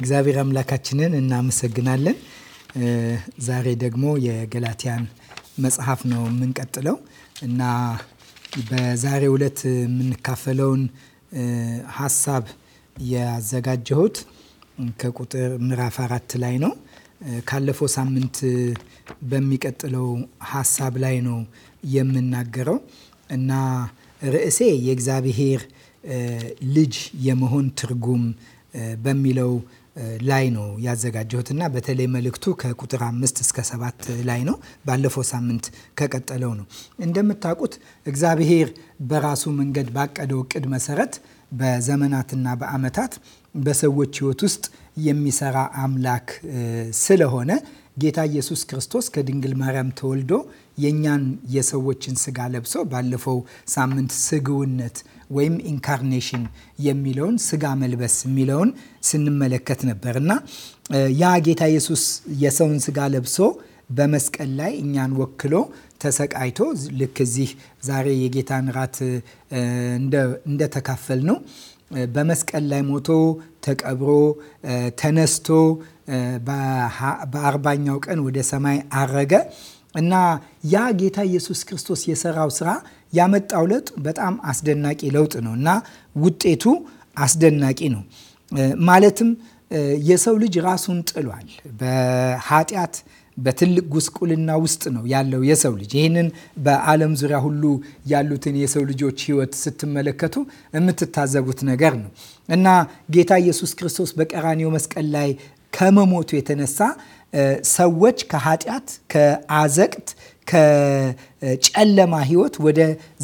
እግዚአብሔር አምላካችንን እናመሰግናለን። ዛሬ ደግሞ የገላትያን መጽሐፍ ነው የምንቀጥለው እና በዛሬ ዕለት የምንካፈለውን ሀሳብ ያዘጋጀሁት ከቁጥር ምዕራፍ አራት ላይ ነው። ካለፈው ሳምንት በሚቀጥለው ሀሳብ ላይ ነው የምናገረው እና ርዕሴ የእግዚአብሔር ልጅ የመሆን ትርጉም በሚለው ላይ ነው ያዘጋጀሁትና በተለይ መልእክቱ ከቁጥር አምስት እስከ ሰባት ላይ ነው። ባለፈው ሳምንት ከቀጠለው ነው። እንደምታውቁት እግዚአብሔር በራሱ መንገድ ባቀደው እቅድ መሰረት በዘመናትና በዓመታት በሰዎች ሕይወት ውስጥ የሚሰራ አምላክ ስለሆነ ጌታ ኢየሱስ ክርስቶስ ከድንግል ማርያም ተወልዶ የእኛን የሰዎችን ስጋ ለብሶ ባለፈው ሳምንት ስግውነት ወይም ኢንካርኔሽን የሚለውን ስጋ መልበስ የሚለውን ስንመለከት ነበር እና ያ ጌታ ኢየሱስ የሰውን ስጋ ለብሶ በመስቀል ላይ እኛን ወክሎ ተሰቃይቶ ልክ እዚህ ዛሬ የጌታን ራት እንደተካፈል ነው በመስቀል ላይ ሞቶ ተቀብሮ ተነስቶ በአርባኛው ቀን ወደ ሰማይ አረገ እና ያ ጌታ ኢየሱስ ክርስቶስ የሰራው ስራ ያመጣው ለውጥ በጣም አስደናቂ ለውጥ ነው እና ውጤቱ አስደናቂ ነው። ማለትም የሰው ልጅ ራሱን ጥሏል። በኃጢአት በትልቅ ጉስቁልና ውስጥ ነው ያለው የሰው ልጅ። ይህንን በዓለም ዙሪያ ሁሉ ያሉትን የሰው ልጆች ሕይወት ስትመለከቱ የምትታዘቡት ነገር ነው እና ጌታ ኢየሱስ ክርስቶስ በቀራኒው መስቀል ላይ ከመሞቱ የተነሳ ሰዎች ከኃጢአት፣ ከአዘቅት፣ ከጨለማ ህይወት ወደ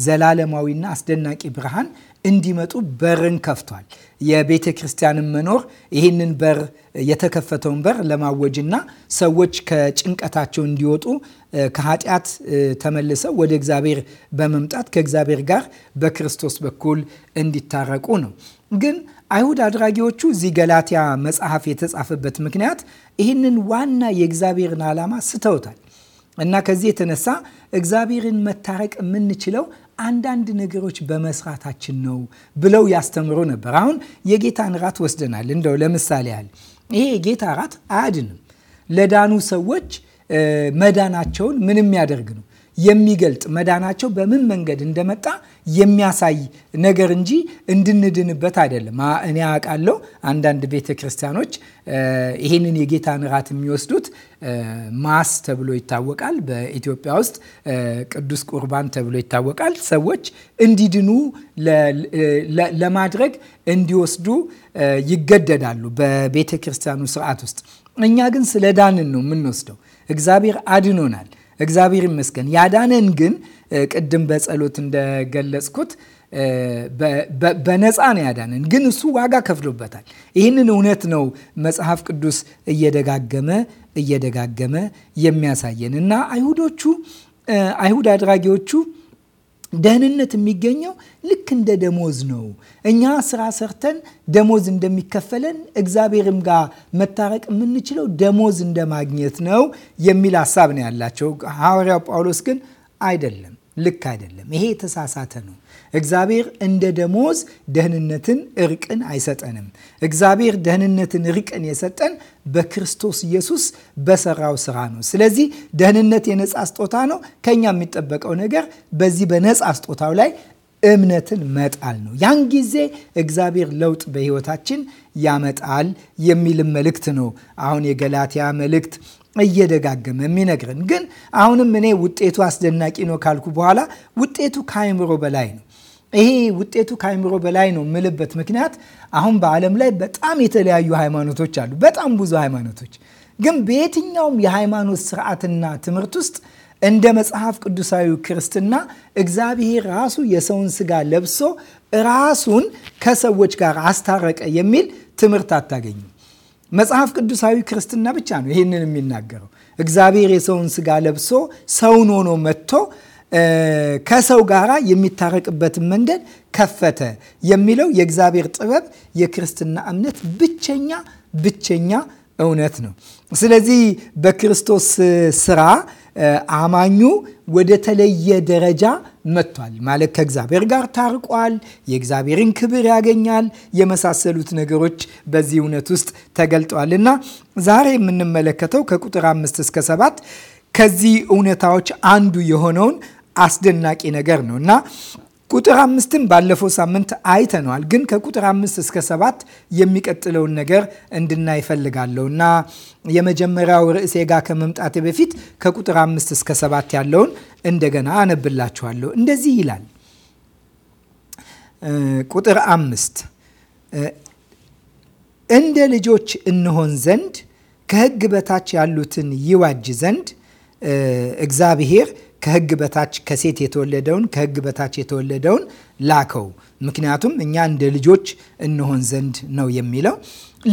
ዘላለማዊና አስደናቂ ብርሃን እንዲመጡ በርን ከፍቷል። የቤተ ክርስቲያንን መኖር ይህንን በር የተከፈተውን በር ለማወጅና ሰዎች ከጭንቀታቸው እንዲወጡ ከኃጢአት ተመልሰው ወደ እግዚአብሔር በመምጣት ከእግዚአብሔር ጋር በክርስቶስ በኩል እንዲታረቁ ነው። ግን አይሁድ አድራጊዎቹ እዚህ ገላትያ መጽሐፍ የተጻፈበት ምክንያት ይህንን ዋና የእግዚአብሔርን ዓላማ ስተውታል እና ከዚህ የተነሳ እግዚአብሔርን መታረቅ የምንችለው አንዳንድ ነገሮች በመስራታችን ነው ብለው ያስተምሩ ነበር። አሁን የጌታን ራት ወስደናል። እንደው ለምሳሌ ያህል ይሄ የጌታ ራት አያድንም። ለዳኑ ሰዎች መዳናቸውን ምንም ያደርግ ነው? የሚገልጥ መዳናቸው በምን መንገድ እንደመጣ የሚያሳይ ነገር እንጂ እንድንድንበት አይደለም። እኔ አውቃለሁ አንዳንድ ቤተ ክርስቲያኖች ይህንን የጌታ ንራት የሚወስዱት ማስ ተብሎ ይታወቃል። በኢትዮጵያ ውስጥ ቅዱስ ቁርባን ተብሎ ይታወቃል። ሰዎች እንዲድኑ ለማድረግ እንዲወስዱ ይገደዳሉ በቤተ ክርስቲያኑ ስርዓት ውስጥ። እኛ ግን ስለ ዳንን ነው የምንወስደው። እግዚአብሔር አድኖናል። እግዚአብሔር ይመስገን። ያዳነን ግን ቅድም በጸሎት እንደገለጽኩት በነፃ ነው ያዳነን፣ ግን እሱ ዋጋ ከፍሎበታል። ይህንን እውነት ነው መጽሐፍ ቅዱስ እየደጋገመ እየደጋገመ የሚያሳየን እና አይሁዶቹ አይሁድ አድራጊዎቹ ደህንነት የሚገኘው ልክ እንደ ደሞዝ ነው። እኛ ስራ ሰርተን ደሞዝ እንደሚከፈለን እግዚአብሔርም ጋር መታረቅ የምንችለው ደሞዝ እንደማግኘት ነው የሚል ሀሳብ ነው ያላቸው። ሐዋርያው ጳውሎስ ግን አይደለም፣ ልክ አይደለም፣ ይሄ የተሳሳተ ነው። እግዚአብሔር እንደ ደሞዝ ደህንነትን፣ እርቅን አይሰጠንም። እግዚአብሔር ደህንነትን፣ እርቅን የሰጠን በክርስቶስ ኢየሱስ በሰራው ስራ ነው። ስለዚህ ደህንነት የነፃ ስጦታ ነው። ከኛ የሚጠበቀው ነገር በዚህ በነፃ ስጦታው ላይ እምነትን መጣል ነው። ያን ጊዜ እግዚአብሔር ለውጥ በህይወታችን ያመጣል የሚልም መልእክት ነው። አሁን የገላትያ መልእክት እየደጋገመ የሚነግረን ግን አሁንም እኔ ውጤቱ አስደናቂ ነው ካልኩ በኋላ ውጤቱ ከአእምሮ በላይ ነው። ይሄ ውጤቱ ከአይምሮ በላይ ነው የምልበት ምክንያት አሁን በዓለም ላይ በጣም የተለያዩ ሃይማኖቶች አሉ። በጣም ብዙ ሃይማኖቶች ግን በየትኛውም የሃይማኖት ስርዓትና ትምህርት ውስጥ እንደ መጽሐፍ ቅዱሳዊ ክርስትና እግዚአብሔር ራሱ የሰውን ስጋ ለብሶ ራሱን ከሰዎች ጋር አስታረቀ የሚል ትምህርት አታገኝም። መጽሐፍ ቅዱሳዊ ክርስትና ብቻ ነው ይህንን የሚናገረው። እግዚአብሔር የሰውን ስጋ ለብሶ ሰውን ሆኖ መጥቶ ከሰው ጋራ የሚታረቅበትን መንገድ ከፈተ የሚለው የእግዚአብሔር ጥበብ የክርስትና እምነት ብቸኛ ብቸኛ እውነት ነው። ስለዚህ በክርስቶስ ስራ አማኙ ወደ ተለየ ደረጃ መጥቷል ማለት ከእግዚአብሔር ጋር ታርቋል። የእግዚአብሔርን ክብር ያገኛል። የመሳሰሉት ነገሮች በዚህ እውነት ውስጥ ተገልጠዋል እና ዛሬ የምንመለከተው ከቁጥር አምስት እስከ ሰባት ከዚህ እውነታዎች አንዱ የሆነውን አስደናቂ ነገር ነው እና ቁጥር አምስትን ባለፈው ሳምንት አይተነዋል። ግን ከቁጥር አምስት እስከ ሰባት የሚቀጥለውን ነገር እንድናይ እፈልጋለሁ እና የመጀመሪያው ርዕሴ ጋር ከመምጣቴ በፊት ከቁጥር አምስት እስከ ሰባት ያለውን እንደገና አነብላችኋለሁ። እንደዚህ ይላል ቁጥር አምስት እንደ ልጆች እንሆን ዘንድ ከሕግ በታች ያሉትን ይዋጅ ዘንድ እግዚአብሔር ከህግ በታች ከሴት የተወለደውን ከህግ በታች የተወለደውን ላከው። ምክንያቱም እኛ እንደ ልጆች እንሆን ዘንድ ነው የሚለው።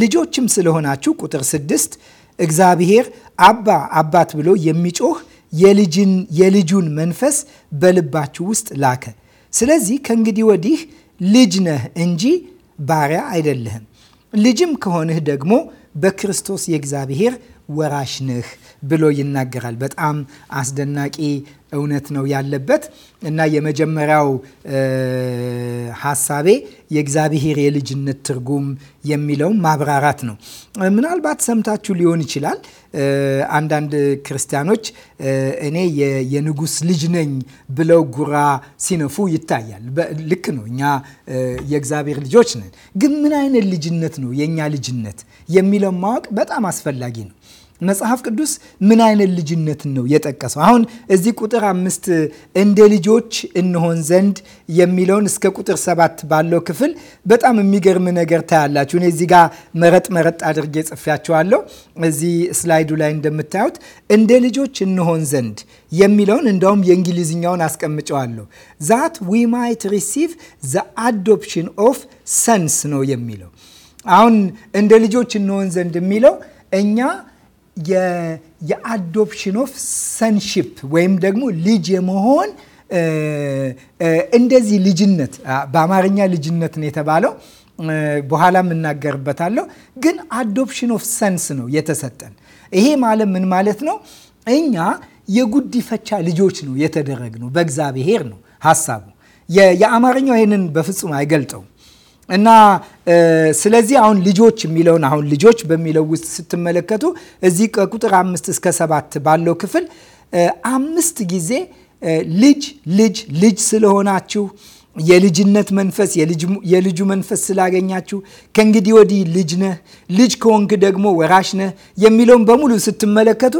ልጆችም ስለሆናችሁ ቁጥር ስድስት እግዚአብሔር አባ አባት ብሎ የሚጮህ የልጁን መንፈስ በልባችሁ ውስጥ ላከ። ስለዚህ ከእንግዲህ ወዲህ ልጅ ነህ እንጂ ባሪያ አይደለህም። ልጅም ከሆንህ ደግሞ በክርስቶስ የእግዚአብሔር ወራሽ ነህ ብሎ ይናገራል። በጣም አስደናቂ እውነት ነው ያለበት እና የመጀመሪያው ሀሳቤ የእግዚአብሔር የልጅነት ትርጉም የሚለውን ማብራራት ነው። ምናልባት ሰምታችሁ ሊሆን ይችላል። አንዳንድ ክርስቲያኖች እኔ የንጉስ ልጅ ነኝ ብለው ጉራ ሲነፉ ይታያል። ልክ ነው። እኛ የእግዚአብሔር ልጆች ነን። ግን ምን አይነት ልጅነት ነው የእኛ ልጅነት የሚለው ማወቅ በጣም አስፈላጊ ነው። መጽሐፍ ቅዱስ ምን አይነት ልጅነትን ነው የጠቀሰው? አሁን እዚህ ቁጥር አምስት እንደ ልጆች እንሆን ዘንድ የሚለውን እስከ ቁጥር ሰባት ባለው ክፍል በጣም የሚገርም ነገር ታያላችሁ። እኔ እዚህ ጋር መረጥ መረጥ አድርጌ ጽፌያቸዋለሁ። እዚህ ስላይዱ ላይ እንደምታዩት እንደ ልጆች እንሆን ዘንድ የሚለውን እንደውም የእንግሊዝኛውን አስቀምጨዋለሁ። ዛት ዊ ማይት ሪሲቭ ዘ አዶፕሽን ኦፍ ሰንስ ነው የሚለው። አሁን እንደ ልጆች እንሆን ዘንድ የሚለው እኛ የአዶፕሽን ኦፍ ሰንሺፕ ወይም ደግሞ ልጅ የመሆን እንደዚህ ልጅነት በአማርኛ ልጅነት ነው የተባለው። በኋላ እናገርበታለሁ። ግን አዶፕሽን ኦፍ ሰንስ ነው የተሰጠን። ይሄ ማለት ምን ማለት ነው? እኛ የጉዲፈቻ ልጆች ነው የተደረግነው በእግዚአብሔር ነው ሀሳቡ። የአማርኛው ይህንን በፍጹም አይገልጠውም። እና ስለዚህ አሁን ልጆች የሚለውን አሁን ልጆች በሚለው ውስጥ ስትመለከቱ እዚህ ከቁጥር አምስት እስከ ሰባት ባለው ክፍል አምስት ጊዜ ልጅ ልጅ ልጅ ስለሆናችሁ የልጅነት መንፈስ የልጁ መንፈስ ስላገኛችሁ ከእንግዲህ ወዲህ ልጅ ነህ፣ ልጅ ከወንክ ደግሞ ወራሽ ነህ የሚለውን በሙሉ ስትመለከቱ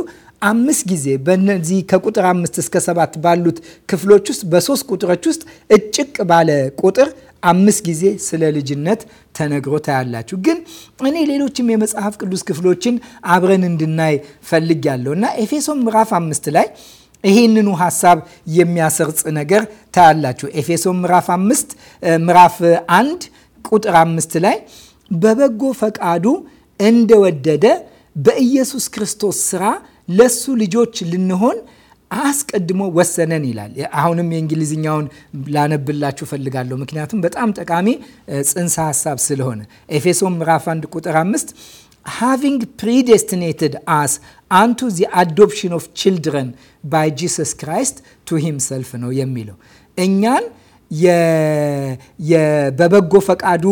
አምስት ጊዜ በነዚህ ከቁጥር አምስት እስከ ሰባት ባሉት ክፍሎች ውስጥ በሶስት ቁጥሮች ውስጥ እጭቅ ባለ ቁጥር አምስት ጊዜ ስለ ልጅነት ተነግሮ ታያላችሁ። ግን እኔ ሌሎችም የመጽሐፍ ቅዱስ ክፍሎችን አብረን እንድናይ ፈልግ ያለው እና ኤፌሶን ምዕራፍ አምስት ላይ ይህንኑ ሀሳብ የሚያሰርጽ ነገር ታያላችሁ። ኤፌሶን ምዕራፍ አምስት ምዕራፍ አንድ ቁጥር አምስት ላይ በበጎ ፈቃዱ እንደወደደ በኢየሱስ ክርስቶስ ስራ ለሱ ልጆች ልንሆን አስቀድሞ ወሰነን ይላል። አሁንም የእንግሊዝኛውን ላነብላችሁ ፈልጋለሁ፣ ምክንያቱም በጣም ጠቃሚ ጽንሰ ሀሳብ ስለሆነ ኤፌሶን ምዕራፍ 1 ቁጥር 5 ሃቪንግ ፕሪዴስቲኔትድ አስ አንቱ ዚ አዶፕሽን ኦፍ ችልድረን ባይ ጂሰስ ክራይስት ቱ ሂምሰልፍ ነው የሚለው እኛን በበጎ ፈቃዱ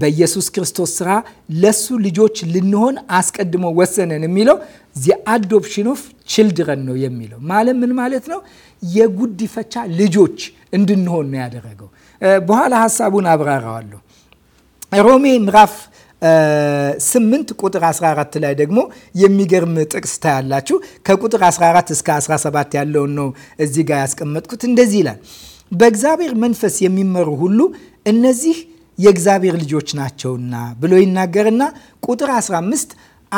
በኢየሱስ ክርስቶስ ስራ ለሱ ልጆች ልንሆን አስቀድሞ ወሰነን የሚለው አዶፕሽን ኦፍ ችልድረን ነው የሚለው። ማለት ምን ማለት ነው? የጉዲፈቻ ልጆች እንድንሆን ነው ያደረገው። በኋላ ሀሳቡን አብራራዋለሁ። ሮሜ ምዕራፍ 8 ቁጥር 14 ላይ ደግሞ የሚገርም ጥቅስ ታያላችሁ። ከቁጥር 14 እስከ 17 ያለውን ነው እዚህ ጋር ያስቀመጥኩት። እንደዚህ ይላል፣ በእግዚአብሔር መንፈስ የሚመሩ ሁሉ እነዚህ የእግዚአብሔር ልጆች ናቸውና ብሎ ይናገርና ቁጥር 15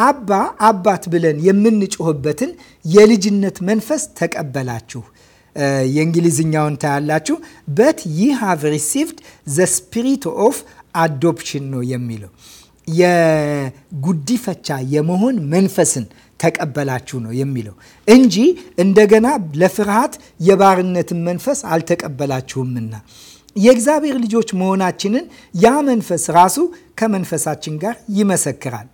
አባ አባት ብለን የምንጮህበትን የልጅነት መንፈስ ተቀበላችሁ። የእንግሊዝኛውን ታያላችሁ። በት ይ ሃቭ ሪሲቭድ ዘ ስፒሪት ኦፍ አዶፕሽን ነው የሚለው የጉዲፈቻ የመሆን መንፈስን ተቀበላችሁ ነው የሚለው እንጂ እንደገና ለፍርሃት የባርነትን መንፈስ አልተቀበላችሁምና የእግዚአብሔር ልጆች መሆናችንን ያ መንፈስ ራሱ ከመንፈሳችን ጋር ይመሰክራል።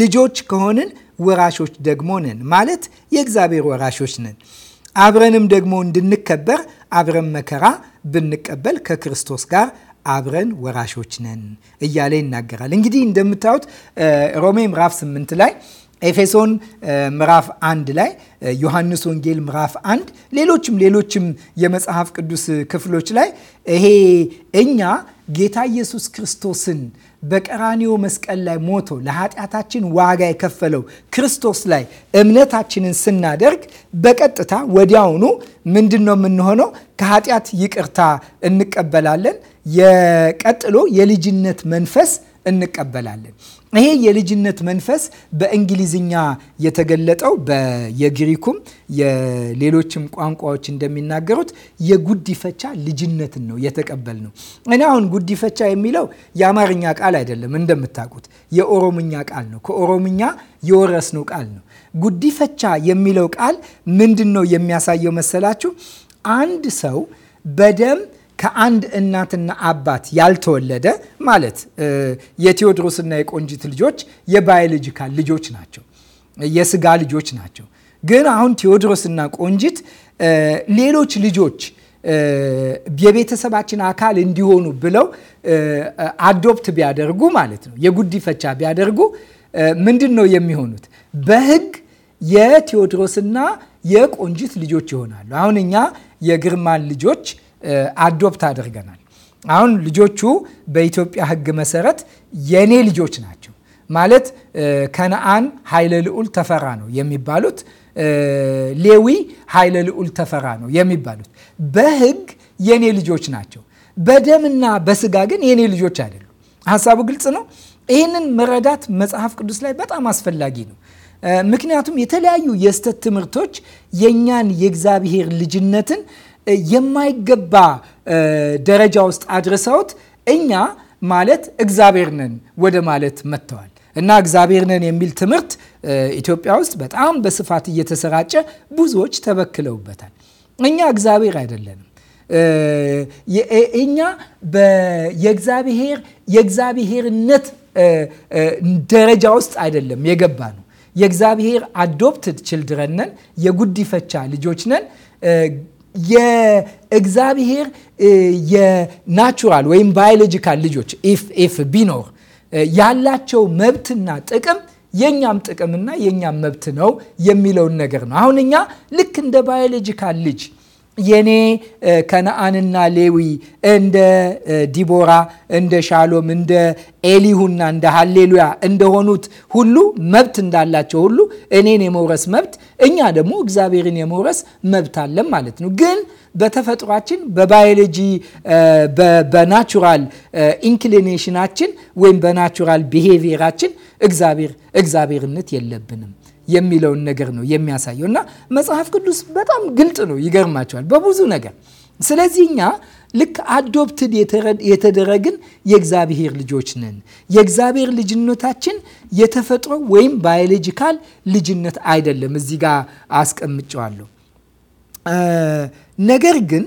ልጆች ከሆንን ወራሾች ደግሞ ነን ማለት የእግዚአብሔር ወራሾች ነን። አብረንም ደግሞ እንድንከበር አብረን መከራ ብንቀበል ከክርስቶስ ጋር አብረን ወራሾች ነን እያለ ይናገራል። እንግዲህ እንደምታዩት ሮሜ ምዕራፍ 8 ላይ ኤፌሶን ምዕራፍ አንድ ላይ ዮሐንስ ወንጌል ምዕራፍ አንድ ሌሎችም ሌሎችም የመጽሐፍ ቅዱስ ክፍሎች ላይ ይሄ እኛ ጌታ ኢየሱስ ክርስቶስን በቀራኒዮ መስቀል ላይ ሞቶ ለኃጢአታችን ዋጋ የከፈለው ክርስቶስ ላይ እምነታችንን ስናደርግ በቀጥታ ወዲያውኑ ምንድን ነው የምንሆነው? ከኃጢአት ይቅርታ እንቀበላለን። የቀጥሎ የልጅነት መንፈስ እንቀበላለን። ይሄ የልጅነት መንፈስ በእንግሊዝኛ የተገለጠው የግሪኩም የሌሎችም ቋንቋዎች እንደሚናገሩት የጉዲፈቻ ልጅነትን ነው የተቀበል ነው። እኔ አሁን ጉዲፈቻ የሚለው የአማርኛ ቃል አይደለም እንደምታውቁት፣ የኦሮምኛ ቃል ነው። ከኦሮምኛ የወረስነው ቃል ነው። ጉዲፈቻ የሚለው ቃል ምንድን ነው የሚያሳየው መሰላችሁ? አንድ ሰው በደም ከአንድ እናትና አባት ያልተወለደ ማለት የቴዎድሮስና የቆንጂት ልጆች የባዮሎጂካል ልጆች ናቸው፣ የስጋ ልጆች ናቸው። ግን አሁን ቴዎድሮስና ቆንጂት ሌሎች ልጆች የቤተሰባችን አካል እንዲሆኑ ብለው አዶፕት ቢያደርጉ ማለት ነው የጉዲፈቻ ቢያደርጉ ምንድን ነው የሚሆኑት? በህግ የቴዎድሮስና የቆንጂት ልጆች ይሆናሉ። አሁን እኛ የግርማን ልጆች አዶፕት አድርገናል። አሁን ልጆቹ በኢትዮጵያ ሕግ መሰረት የኔ ልጆች ናቸው ማለት ከነአን ኃይለ ልዑል ተፈራ ነው የሚባሉት። ሌዊ ኃይለ ልዑል ተፈራ ነው የሚባሉት። በሕግ የኔ ልጆች ናቸው። በደምና በስጋ ግን የኔ ልጆች አይደሉ ሀሳቡ ግልጽ ነው። ይህንን መረዳት መጽሐፍ ቅዱስ ላይ በጣም አስፈላጊ ነው። ምክንያቱም የተለያዩ የስተት ትምህርቶች የእኛን የእግዚአብሔር ልጅነትን የማይገባ ደረጃ ውስጥ አድርሰውት እኛ ማለት እግዚአብሔር ነን ወደ ማለት መጥተዋል እና እግዚአብሔር ነን የሚል ትምህርት ኢትዮጵያ ውስጥ በጣም በስፋት እየተሰራጨ ብዙዎች ተበክለውበታል። እኛ እግዚአብሔር አይደለንም። እኛ የእግዚአብሔር የእግዚአብሔርነት ደረጃ ውስጥ አይደለም የገባ ነው። የእግዚአብሔር አዶፕትድ ችልድረን ነን። የጉዲፈቻ ልጆች ነን። የእግዚአብሔር የናቹራል ወይም ባዮሎጂካል ልጆች ኢፍ ቢኖር ያላቸው መብትና ጥቅም የእኛም ጥቅምና የእኛም መብት ነው የሚለውን ነገር ነው። አሁን እኛ ልክ እንደ ባዮሎጂካል ልጅ የኔ ከነአንና ሌዊ እንደ ዲቦራ እንደ ሻሎም እንደ ኤሊሁና እንደ ሃሌሉያ እንደሆኑት ሁሉ መብት እንዳላቸው ሁሉ እኔን የመውረስ መብት እኛ ደግሞ እግዚአብሔርን የመውረስ መብት አለን ማለት ነው። ግን በተፈጥሯችን በባዮሎጂ በናቹራል ኢንክሊኔሽናችን ወይም በናቹራል ቢሄቪየራችን እግዚአብሔርነት የለብንም። የሚለውን ነገር ነው የሚያሳየው እና መጽሐፍ ቅዱስ በጣም ግልጥ ነው። ይገርማቸዋል በብዙ ነገር። ስለዚህ እኛ ልክ አዶፕትድ የተደረግን የእግዚአብሔር ልጆች ነን። የእግዚአብሔር ልጅነታችን የተፈጥሮ ወይም ባዮሎጂካል ልጅነት አይደለም። እዚህ ጋር አስቀምጨዋለሁ። ነገር ግን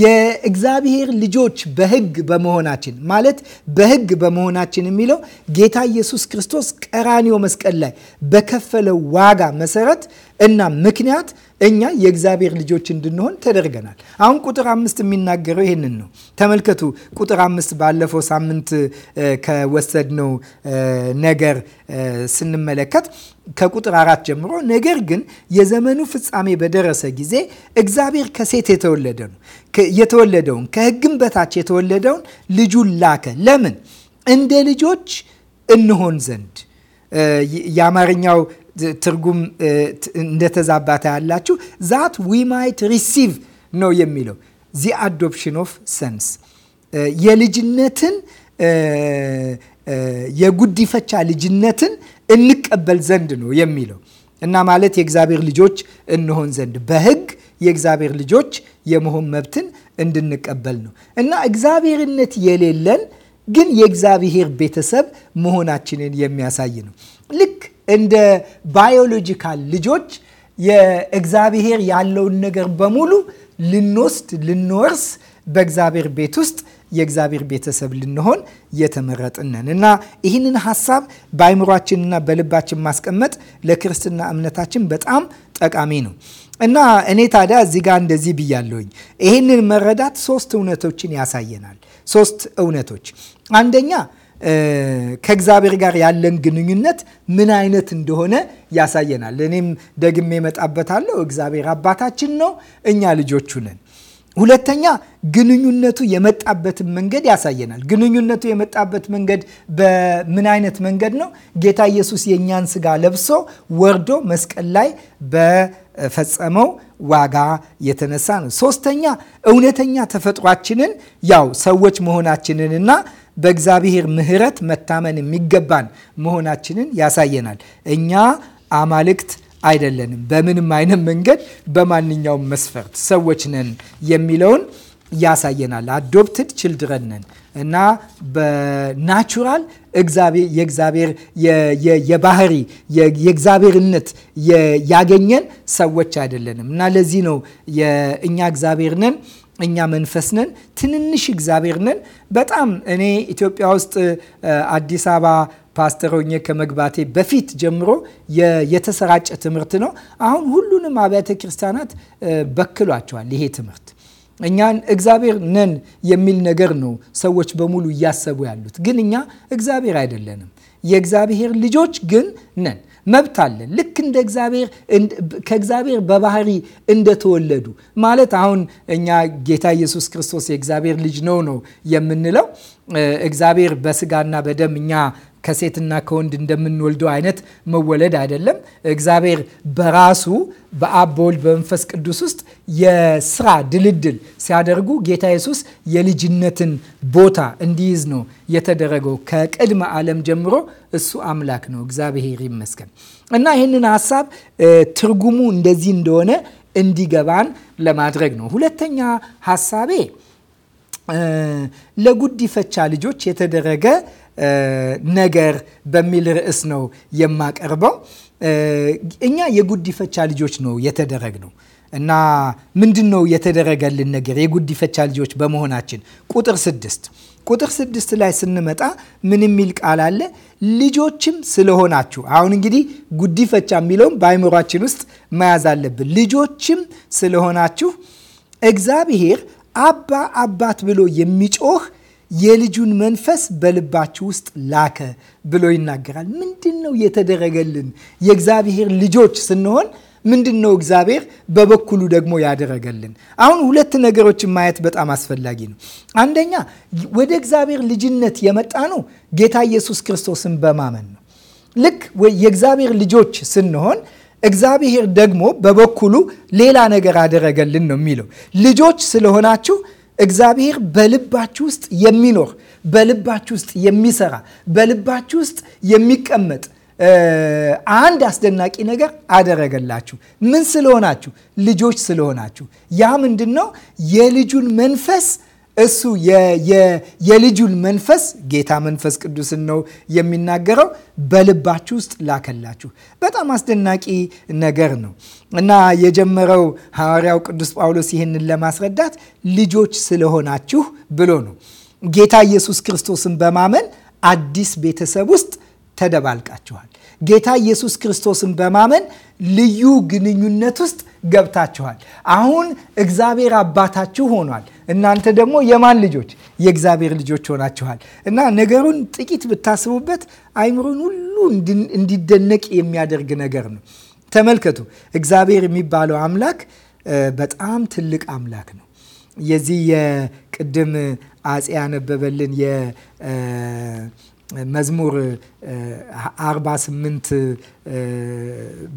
የእግዚአብሔር ልጆች በህግ በመሆናችን ማለት በህግ በመሆናችን የሚለው ጌታ ኢየሱስ ክርስቶስ ቀራኒዮ መስቀል ላይ በከፈለው ዋጋ መሰረት እና ምክንያት እኛ የእግዚአብሔር ልጆች እንድንሆን ተደርገናል። አሁን ቁጥር አምስት የሚናገረው ይህንን ነው። ተመልከቱ። ቁጥር አምስት ባለፈው ሳምንት ከወሰድነው ነገር ስንመለከት ከቁጥር አራት ጀምሮ ነገር ግን የዘመኑ ፍጻሜ በደረሰ ጊዜ እግዚአብሔር ከሴት የተወለደ ነው የተወለደውን ከሕግም በታች የተወለደውን ልጁን ላከ። ለምን? እንደ ልጆች እንሆን ዘንድ የአማርኛው ትርጉም እንደተዛባ ታያላችሁ። ዛት ዊ ማይት ሪሲቭ ነው የሚለው ዚ አዶፕሽን ኦፍ ሰንስ የልጅነትን የጉዲፈቻ ልጅነትን እንቀበል ዘንድ ነው የሚለው እና ማለት የእግዚአብሔር ልጆች እንሆን ዘንድ በህግ የእግዚአብሔር ልጆች የመሆን መብትን እንድንቀበል ነው እና እግዚአብሔርነት የሌለን ግን የእግዚአብሔር ቤተሰብ መሆናችንን የሚያሳይ ነው። ልክ እንደ ባዮሎጂካል ልጆች የእግዚአብሔር ያለውን ነገር በሙሉ ልንወስድ ልንወርስ በእግዚአብሔር ቤት ውስጥ የእግዚአብሔር ቤተሰብ ልንሆን የተመረጥነን እና ይህንን ሀሳብ በአይምሯችንና በልባችን ማስቀመጥ ለክርስትና እምነታችን በጣም ጠቃሚ ነው እና እኔ ታዲያ እዚህ ጋር እንደዚህ ብያለሁኝ። ይህንን መረዳት ሶስት እውነቶችን ያሳየናል። ሶስት እውነቶች አንደኛ ከእግዚአብሔር ጋር ያለን ግንኙነት ምን አይነት እንደሆነ ያሳየናል። እኔም ደግሜ እመጣበታለሁ። እግዚአብሔር አባታችን ነው፣ እኛ ልጆቹ ነን። ሁለተኛ ግንኙነቱ የመጣበትን መንገድ ያሳየናል። ግንኙነቱ የመጣበት መንገድ በምን አይነት መንገድ ነው? ጌታ ኢየሱስ የእኛን ስጋ ለብሶ ወርዶ መስቀል ላይ በፈጸመው ዋጋ የተነሳ ነው። ሶስተኛ እውነተኛ ተፈጥሯችንን ያው ሰዎች መሆናችንንና በእግዚአብሔር ምሕረት መታመን የሚገባን መሆናችንን ያሳየናል። እኛ አማልክት አይደለንም። በምንም አይነት መንገድ በማንኛውም መስፈርት ሰዎች ነን የሚለውን ያሳየናል። አዶፕትድ ችልድረን ነን እና በናቹራል የእግዚአብሔር የባህሪ የእግዚአብሔርነት ያገኘን ሰዎች አይደለንም እና ለዚህ ነው የእኛ እግዚአብሔር ነን እኛ መንፈስ ነን፣ ትንንሽ እግዚአብሔር ነን። በጣም እኔ ኢትዮጵያ ውስጥ አዲስ አበባ ፓስተር ሆኜ ከመግባቴ በፊት ጀምሮ የተሰራጨ ትምህርት ነው። አሁን ሁሉንም አብያተ ክርስቲያናት በክሏቸዋል ይሄ ትምህርት። እኛን እግዚአብሔር ነን የሚል ነገር ነው ሰዎች በሙሉ እያሰቡ ያሉት፣ ግን እኛ እግዚአብሔር አይደለንም። የእግዚአብሔር ልጆች ግን ነን። መብት አለን። ልክ እንደ እግዚአብሔር ከእግዚአብሔር በባህሪ እንደተወለዱ ማለት አሁን እኛ ጌታ ኢየሱስ ክርስቶስ የእግዚአብሔር ልጅ ነው ነው የምንለው እግዚአብሔር በስጋና በደም እኛ ከሴትና ከወንድ እንደምንወልደው አይነት መወለድ አይደለም። እግዚአብሔር በራሱ በአብ በወልድ በመንፈስ ቅዱስ ውስጥ የስራ ድልድል ሲያደርጉ ጌታ ኢየሱስ የልጅነትን ቦታ እንዲይዝ ነው የተደረገው። ከቅድመ ዓለም ጀምሮ እሱ አምላክ ነው። እግዚአብሔር ይመስገን እና ይህንን ሀሳብ ትርጉሙ እንደዚህ እንደሆነ እንዲገባን ለማድረግ ነው። ሁለተኛ ሀሳቤ ለጉዲፈቻ ልጆች የተደረገ ነገር በሚል ርዕስ ነው የማቀርበው። እኛ የጉዲፈቻ ልጆች ነው የተደረግነው እና ምንድን ነው የተደረገልን ነገር የጉዲፈቻ ልጆች በመሆናችን ቁጥር ስድስት ቁጥር ስድስት ላይ ስንመጣ ምን የሚል ቃል አለ? ልጆችም ስለሆናችሁ። አሁን እንግዲህ ጉዲፈቻ የሚለውም በአይምሯችን ውስጥ መያዝ አለብን። ልጆችም ስለሆናችሁ እግዚአብሔር አባ አባት ብሎ የሚጮህ የልጁን መንፈስ በልባችሁ ውስጥ ላከ ብሎ ይናገራል። ምንድን ነው የተደረገልን? የእግዚአብሔር ልጆች ስንሆን ምንድን ነው እግዚአብሔር በበኩሉ ደግሞ ያደረገልን? አሁን ሁለት ነገሮችን ማየት በጣም አስፈላጊ ነው። አንደኛ ወደ እግዚአብሔር ልጅነት የመጣ ነው ጌታ ኢየሱስ ክርስቶስን በማመን ነው። ልክ የእግዚአብሔር ልጆች ስንሆን እግዚአብሔር ደግሞ በበኩሉ ሌላ ነገር አደረገልን ነው የሚለው። ልጆች ስለሆናችሁ እግዚአብሔር በልባችሁ ውስጥ የሚኖር በልባችሁ ውስጥ የሚሰራ በልባችሁ ውስጥ የሚቀመጥ አንድ አስደናቂ ነገር አደረገላችሁ። ምን ስለሆናችሁ? ልጆች ስለሆናችሁ። ያ ምንድን ነው? የልጁን መንፈስ እሱ የልጁን መንፈስ ጌታ መንፈስ ቅዱስን ነው የሚናገረው፣ በልባችሁ ውስጥ ላከላችሁ። በጣም አስደናቂ ነገር ነው እና የጀመረው ሐዋርያው ቅዱስ ጳውሎስ ይህንን ለማስረዳት ልጆች ስለሆናችሁ ብሎ ነው። ጌታ ኢየሱስ ክርስቶስን በማመን አዲስ ቤተሰብ ውስጥ ተደባልቃችኋል። ጌታ ኢየሱስ ክርስቶስን በማመን ልዩ ግንኙነት ውስጥ ገብታችኋል። አሁን እግዚአብሔር አባታችሁ ሆኗል። እናንተ ደግሞ የማን ልጆች? የእግዚአብሔር ልጆች ሆናችኋል። እና ነገሩን ጥቂት ብታስቡበት አይምሮን ሁሉ እንዲደነቅ የሚያደርግ ነገር ነው። ተመልከቱ፣ እግዚአብሔር የሚባለው አምላክ በጣም ትልቅ አምላክ ነው። የዚህ የቅድም አፄ ያነበበልን መዝሙር 48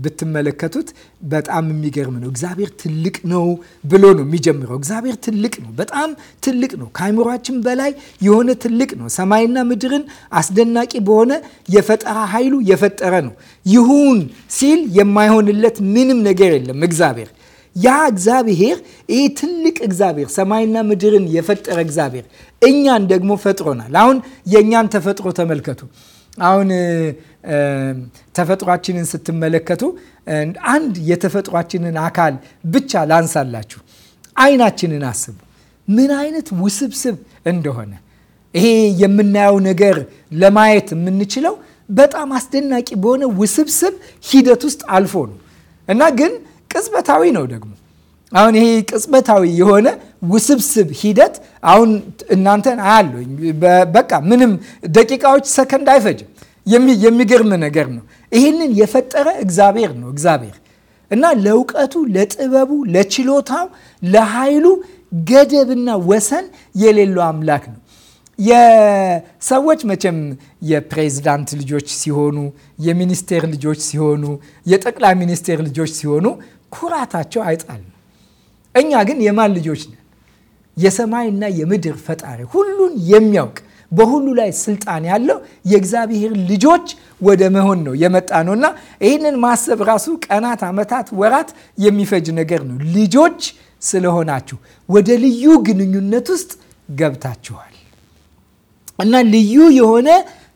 ብትመለከቱት በጣም የሚገርም ነው። እግዚአብሔር ትልቅ ነው ብሎ ነው የሚጀምረው። እግዚአብሔር ትልቅ ነው፣ በጣም ትልቅ ነው፣ ከአይምሯችን በላይ የሆነ ትልቅ ነው። ሰማይና ምድርን አስደናቂ በሆነ የፈጠራ ኃይሉ የፈጠረ ነው። ይሁን ሲል የማይሆንለት ምንም ነገር የለም እግዚአብሔር ያ እግዚአብሔር ይህ ትልቅ እግዚአብሔር ሰማይና ምድርን የፈጠረ እግዚአብሔር እኛን ደግሞ ፈጥሮናል። አሁን የእኛን ተፈጥሮ ተመልከቱ። አሁን ተፈጥሯችንን ስትመለከቱ አንድ የተፈጥሯችንን አካል ብቻ ላንሳላችሁ። አይናችንን አስቡ፣ ምን አይነት ውስብስብ እንደሆነ። ይሄ የምናየው ነገር ለማየት የምንችለው በጣም አስደናቂ በሆነ ውስብስብ ሂደት ውስጥ አልፎ ነው እና ግን ቅጽበታዊ ነው ደግሞ አሁን ይሄ ቅጽበታዊ የሆነ ውስብስብ ሂደት አሁን እናንተን አያለኝ። በቃ ምንም ደቂቃዎች፣ ሰከንድ አይፈጅም። የሚገርም ነገር ነው። ይህንን የፈጠረ እግዚአብሔር ነው። እግዚአብሔር እና ለእውቀቱ፣ ለጥበቡ፣ ለችሎታው፣ ለኃይሉ ገደብና ወሰን የሌለው አምላክ ነው። የሰዎች መቼም የፕሬዝዳንት ልጆች ሲሆኑ፣ የሚኒስቴር ልጆች ሲሆኑ፣ የጠቅላይ ሚኒስቴር ልጆች ሲሆኑ ኩራታቸው አይጣል። እኛ ግን የማን ልጆች ነው? የሰማይና የምድር ፈጣሪ ሁሉን የሚያውቅ በሁሉ ላይ ስልጣን ያለው የእግዚአብሔር ልጆች ወደ መሆን ነው የመጣ ነው እና ይህንን ማሰብ ራሱ ቀናት፣ ዓመታት፣ ወራት የሚፈጅ ነገር ነው። ልጆች ስለሆናችሁ ወደ ልዩ ግንኙነት ውስጥ ገብታችኋል እና ልዩ የሆነ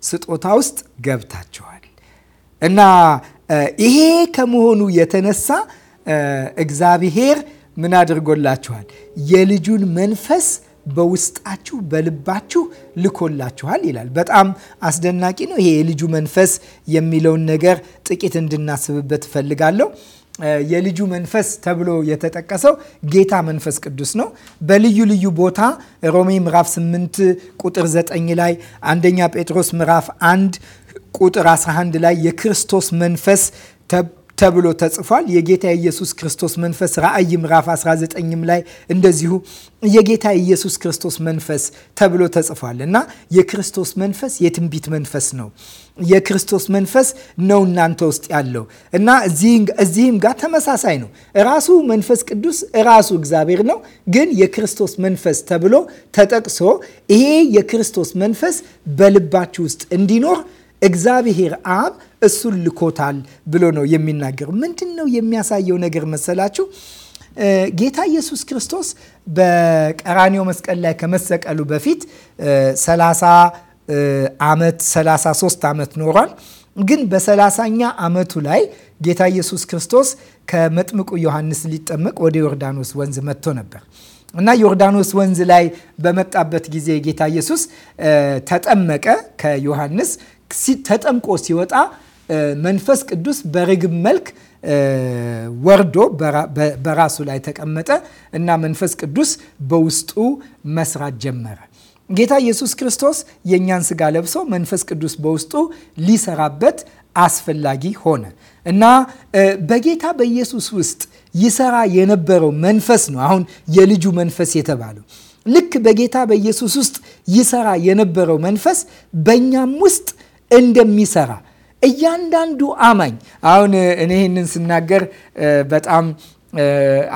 ስጦታ ውስጥ ገብታችኋል እና ይሄ ከመሆኑ የተነሳ እግዚአብሔር ምን አድርጎላችኋል? የልጁን መንፈስ በውስጣችሁ በልባችሁ ልኮላችኋል ይላል። በጣም አስደናቂ ነው። ይሄ የልጁ መንፈስ የሚለውን ነገር ጥቂት እንድናስብበት እፈልጋለሁ። የልጁ መንፈስ ተብሎ የተጠቀሰው ጌታ መንፈስ ቅዱስ ነው። በልዩ ልዩ ቦታ ሮሜ ምዕራፍ 8 ቁጥር 9 ላይ፣ አንደኛ ጴጥሮስ ምዕራፍ 1 ቁጥር 11 ላይ የክርስቶስ መንፈስ ተብሎ ተጽፏል። የጌታ ኢየሱስ ክርስቶስ መንፈስ ራእይ ምዕራፍ 19ም ላይ እንደዚሁ የጌታ ኢየሱስ ክርስቶስ መንፈስ ተብሎ ተጽፏል እና የክርስቶስ መንፈስ የትንቢት መንፈስ ነው። የክርስቶስ መንፈስ ነው እናንተ ውስጥ ያለው እና እዚህም ጋር ተመሳሳይ ነው። እራሱ መንፈስ ቅዱስ እራሱ እግዚአብሔር ነው፣ ግን የክርስቶስ መንፈስ ተብሎ ተጠቅሶ ይሄ የክርስቶስ መንፈስ በልባችሁ ውስጥ እንዲኖር እግዚአብሔር አብ እሱን ልኮታል ብሎ ነው የሚናገረው። ምንድን ነው የሚያሳየው ነገር መሰላችሁ? ጌታ ኢየሱስ ክርስቶስ በቀራኒዮ መስቀል ላይ ከመሰቀሉ በፊት 30 ዓመት 33 ዓመት ኖሯል። ግን በሰላሳኛ ዓመቱ ላይ ጌታ ኢየሱስ ክርስቶስ ከመጥምቁ ዮሐንስ ሊጠመቅ ወደ ዮርዳኖስ ወንዝ መጥቶ ነበር እና ዮርዳኖስ ወንዝ ላይ በመጣበት ጊዜ ጌታ ኢየሱስ ተጠመቀ ከዮሐንስ። ተጠምቆ ሲወጣ መንፈስ ቅዱስ በርግብ መልክ ወርዶ በራሱ ላይ ተቀመጠ እና መንፈስ ቅዱስ በውስጡ መስራት ጀመረ። ጌታ ኢየሱስ ክርስቶስ የእኛን ስጋ ለብሶ መንፈስ ቅዱስ በውስጡ ሊሰራበት አስፈላጊ ሆነ እና በጌታ በኢየሱስ ውስጥ ይሰራ የነበረው መንፈስ ነው አሁን የልጁ መንፈስ የተባለው። ልክ በጌታ በኢየሱስ ውስጥ ይሰራ የነበረው መንፈስ በእኛም ውስጥ እንደሚሰራ እያንዳንዱ አማኝ አሁን እኔ ይህንን ስናገር በጣም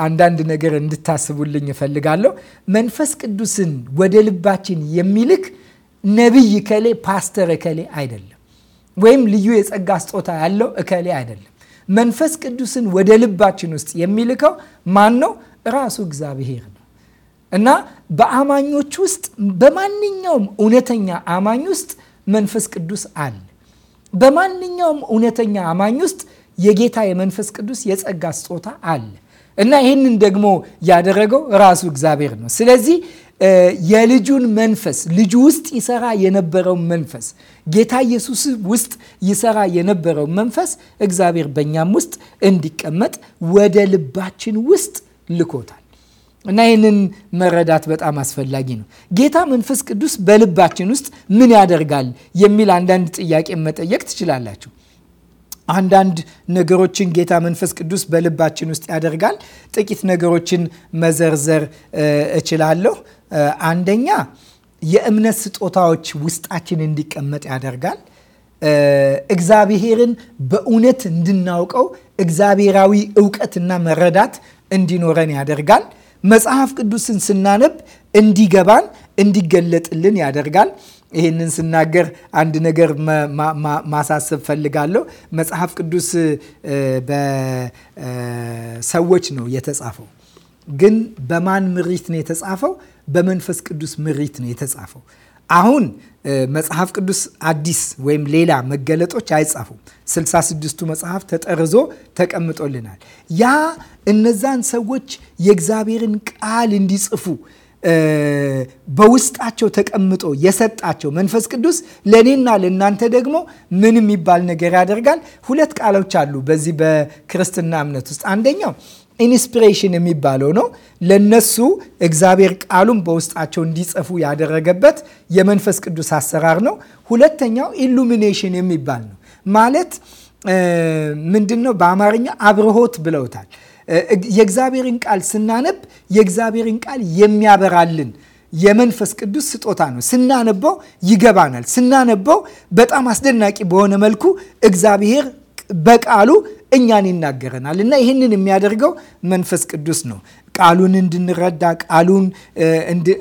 አንዳንድ ነገር እንድታስቡልኝ እፈልጋለሁ። መንፈስ ቅዱስን ወደ ልባችን የሚልክ ነቢይ እከሌ፣ ፓስተር እከሌ አይደለም፣ ወይም ልዩ የጸጋ ስጦታ ያለው እከሌ አይደለም። መንፈስ ቅዱስን ወደ ልባችን ውስጥ የሚልከው ማን ነው? ራሱ እግዚአብሔር ነው እና በአማኞች ውስጥ በማንኛውም እውነተኛ አማኝ ውስጥ መንፈስ ቅዱስ አለ። በማንኛውም እውነተኛ አማኝ ውስጥ የጌታ የመንፈስ ቅዱስ የጸጋ ስጦታ አለ እና ይህንን ደግሞ ያደረገው ራሱ እግዚአብሔር ነው። ስለዚህ የልጁን መንፈስ ልጁ ውስጥ ይሰራ የነበረው መንፈስ ጌታ ኢየሱስ ውስጥ ይሰራ የነበረው መንፈስ እግዚአብሔር በእኛም ውስጥ እንዲቀመጥ ወደ ልባችን ውስጥ ልኮታል። እና ይህንን መረዳት በጣም አስፈላጊ ነው። ጌታ መንፈስ ቅዱስ በልባችን ውስጥ ምን ያደርጋል የሚል አንዳንድ ጥያቄ መጠየቅ ትችላላችሁ። አንዳንድ ነገሮችን ጌታ መንፈስ ቅዱስ በልባችን ውስጥ ያደርጋል። ጥቂት ነገሮችን መዘርዘር እችላለሁ። አንደኛ የእምነት ስጦታዎች ውስጣችን እንዲቀመጥ ያደርጋል። እግዚአብሔርን በእውነት እንድናውቀው እግዚአብሔራዊ እውቀትና መረዳት እንዲኖረን ያደርጋል። መጽሐፍ ቅዱስን ስናነብ እንዲገባን እንዲገለጥልን ያደርጋል። ይህንን ስናገር አንድ ነገር ማሳሰብ ፈልጋለሁ። መጽሐፍ ቅዱስ በሰዎች ነው የተጻፈው፣ ግን በማን ምሪት ነው የተጻፈው? በመንፈስ ቅዱስ ምሪት ነው የተጻፈው። አሁን መጽሐፍ ቅዱስ አዲስ ወይም ሌላ መገለጦች አይጻፉም። ስልሳ ስድስቱ መጽሐፍ ተጠርዞ ተቀምጦልናል። ያ እነዛን ሰዎች የእግዚአብሔርን ቃል እንዲጽፉ በውስጣቸው ተቀምጦ የሰጣቸው መንፈስ ቅዱስ ለእኔና ለእናንተ ደግሞ ምን የሚባል ነገር ያደርጋል? ሁለት ቃሎች አሉ በዚህ በክርስትና እምነት ውስጥ አንደኛው ኢንስፒሬሽን የሚባለው ነው። ለነሱ እግዚአብሔር ቃሉን በውስጣቸው እንዲጽፉ ያደረገበት የመንፈስ ቅዱስ አሰራር ነው። ሁለተኛው ኢሉሚኔሽን የሚባል ነው። ማለት ምንድን ነው? በአማርኛ አብርሆት ብለውታል። የእግዚአብሔርን ቃል ስናነብ የእግዚአብሔርን ቃል የሚያበራልን የመንፈስ ቅዱስ ስጦታ ነው። ስናነበው ይገባናል። ስናነበው በጣም አስደናቂ በሆነ መልኩ እግዚአብሔር በቃሉ እኛን ይናገረናል እና ይህንን የሚያደርገው መንፈስ ቅዱስ ነው። ቃሉን እንድንረዳ ቃሉን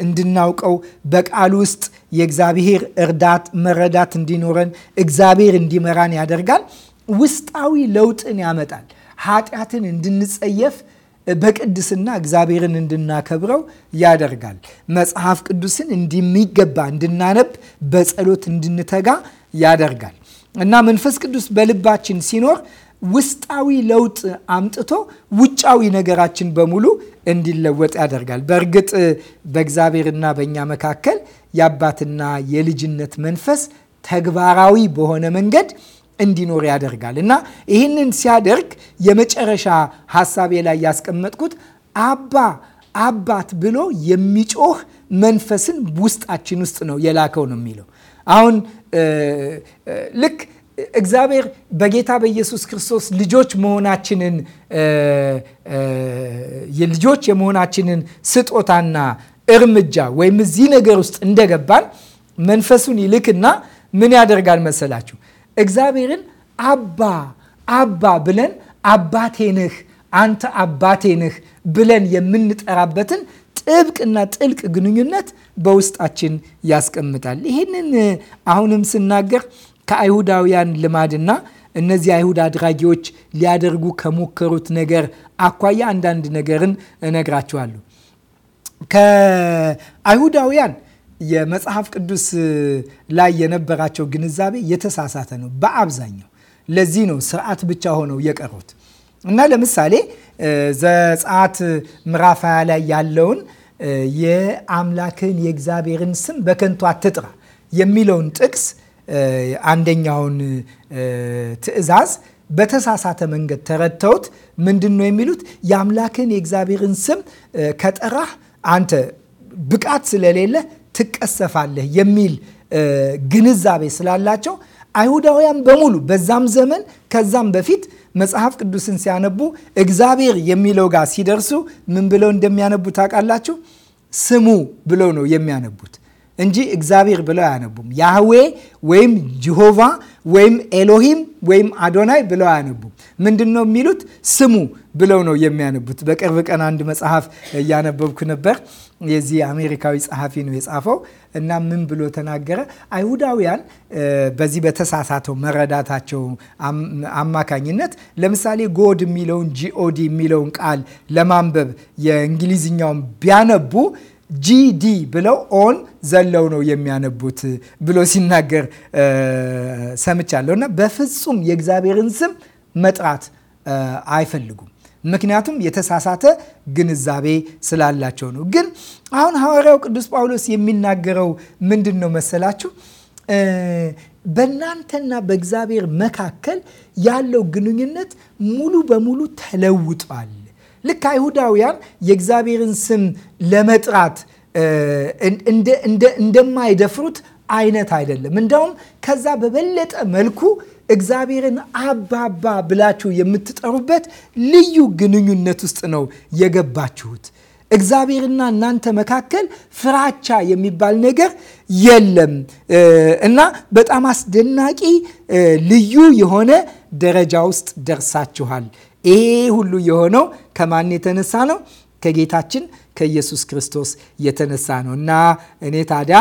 እንድናውቀው በቃሉ ውስጥ የእግዚአብሔር እርዳት መረዳት እንዲኖረን እግዚአብሔር እንዲመራን ያደርጋል። ውስጣዊ ለውጥን ያመጣል። ኃጢአትን እንድንጸየፍ በቅድስና እግዚአብሔርን እንድናከብረው ያደርጋል። መጽሐፍ ቅዱስን እንደሚገባ እንድናነብ በጸሎት እንድንተጋ ያደርጋል። እና መንፈስ ቅዱስ በልባችን ሲኖር ውስጣዊ ለውጥ አምጥቶ ውጫዊ ነገራችን በሙሉ እንዲለወጥ ያደርጋል። በእርግጥ በእግዚአብሔርና በእኛ መካከል የአባትና የልጅነት መንፈስ ተግባራዊ በሆነ መንገድ እንዲኖር ያደርጋል እና ይህንን ሲያደርግ የመጨረሻ ሀሳቤ ላይ ያስቀመጥኩት አባ አባት ብሎ የሚጮህ መንፈስን ውስጣችን ውስጥ ነው የላከው ነው የሚለው። አሁን ልክ እግዚአብሔር በጌታ በኢየሱስ ክርስቶስ ልጆች መሆናችንን የልጆች የመሆናችንን ስጦታና እርምጃ ወይም እዚህ ነገር ውስጥ እንደገባን መንፈሱን ይልክና ምን ያደርጋል መሰላችሁ? እግዚአብሔርን አባ አባ ብለን አባቴ ነህ አንተ አባቴ ነህ ብለን የምንጠራበትን ጥብቅና ጥልቅ ግንኙነት በውስጣችን ያስቀምጣል። ይህንን አሁንም ስናገር ከአይሁዳውያን ልማድና እነዚህ አይሁድ አድራጊዎች ሊያደርጉ ከሞከሩት ነገር አኳያ አንዳንድ ነገርን እነግራችኋለሁ። ከአይሁዳውያን የመጽሐፍ ቅዱስ ላይ የነበራቸው ግንዛቤ የተሳሳተ ነው በአብዛኛው። ለዚህ ነው ስርዓት ብቻ ሆነው የቀሩት። እና ለምሳሌ ዘጸአት ምዕራፍ 20 ላይ ያለውን የአምላክን የእግዚአብሔርን ስም በከንቱ አትጥራ የሚለውን ጥቅስ አንደኛውን ትእዛዝ በተሳሳተ መንገድ ተረድተውት ምንድን ነው የሚሉት? የአምላክን የእግዚአብሔርን ስም ከጠራህ አንተ ብቃት ስለሌለ ትቀሰፋለህ የሚል ግንዛቤ ስላላቸው አይሁዳውያን በሙሉ በዛም ዘመን ከዛም በፊት መጽሐፍ ቅዱስን ሲያነቡ እግዚአብሔር የሚለው ጋር ሲደርሱ ምን ብለው እንደሚያነቡ ታውቃላችሁ? ስሙ ብለው ነው የሚያነቡት እንጂ እግዚአብሔር ብለው አያነቡም። ያህዌ ወይም ጂሆቫ ወይም ኤሎሂም ወይም አዶናይ ብለው አያነቡም። ምንድን ነው የሚሉት? ስሙ ብለው ነው የሚያነቡት። በቅርብ ቀን አንድ መጽሐፍ እያነበብኩ ነበር። የዚህ አሜሪካዊ ጸሐፊ ነው የጻፈው እና ምን ብሎ ተናገረ? አይሁዳውያን በዚህ በተሳሳተው መረዳታቸው አማካኝነት ለምሳሌ ጎድ የሚለውን ጂኦዲ የሚለውን ቃል ለማንበብ የእንግሊዝኛውን ቢያነቡ ጂዲ ብለው ኦን ዘለው ነው የሚያነቡት ብሎ ሲናገር ሰምቻለሁ። እና በፍጹም የእግዚአብሔርን ስም መጥራት አይፈልጉም። ምክንያቱም የተሳሳተ ግንዛቤ ስላላቸው ነው። ግን አሁን ሐዋርያው ቅዱስ ጳውሎስ የሚናገረው ምንድን ነው መሰላችሁ? በእናንተና በእግዚአብሔር መካከል ያለው ግንኙነት ሙሉ በሙሉ ተለውጧል። ልክ አይሁዳውያን የእግዚአብሔርን ስም ለመጥራት እንደማይደፍሩት አይነት አይደለም። እንደውም ከዛ በበለጠ መልኩ እግዚአብሔርን አባባ ብላችሁ የምትጠሩበት ልዩ ግንኙነት ውስጥ ነው የገባችሁት። እግዚአብሔርና እናንተ መካከል ፍራቻ የሚባል ነገር የለም እና በጣም አስደናቂ ልዩ የሆነ ደረጃ ውስጥ ደርሳችኋል። ይሄ ሁሉ የሆነው ከማን የተነሳ ነው? ከጌታችን ከኢየሱስ ክርስቶስ የተነሳ ነው እና እኔ ታዲያ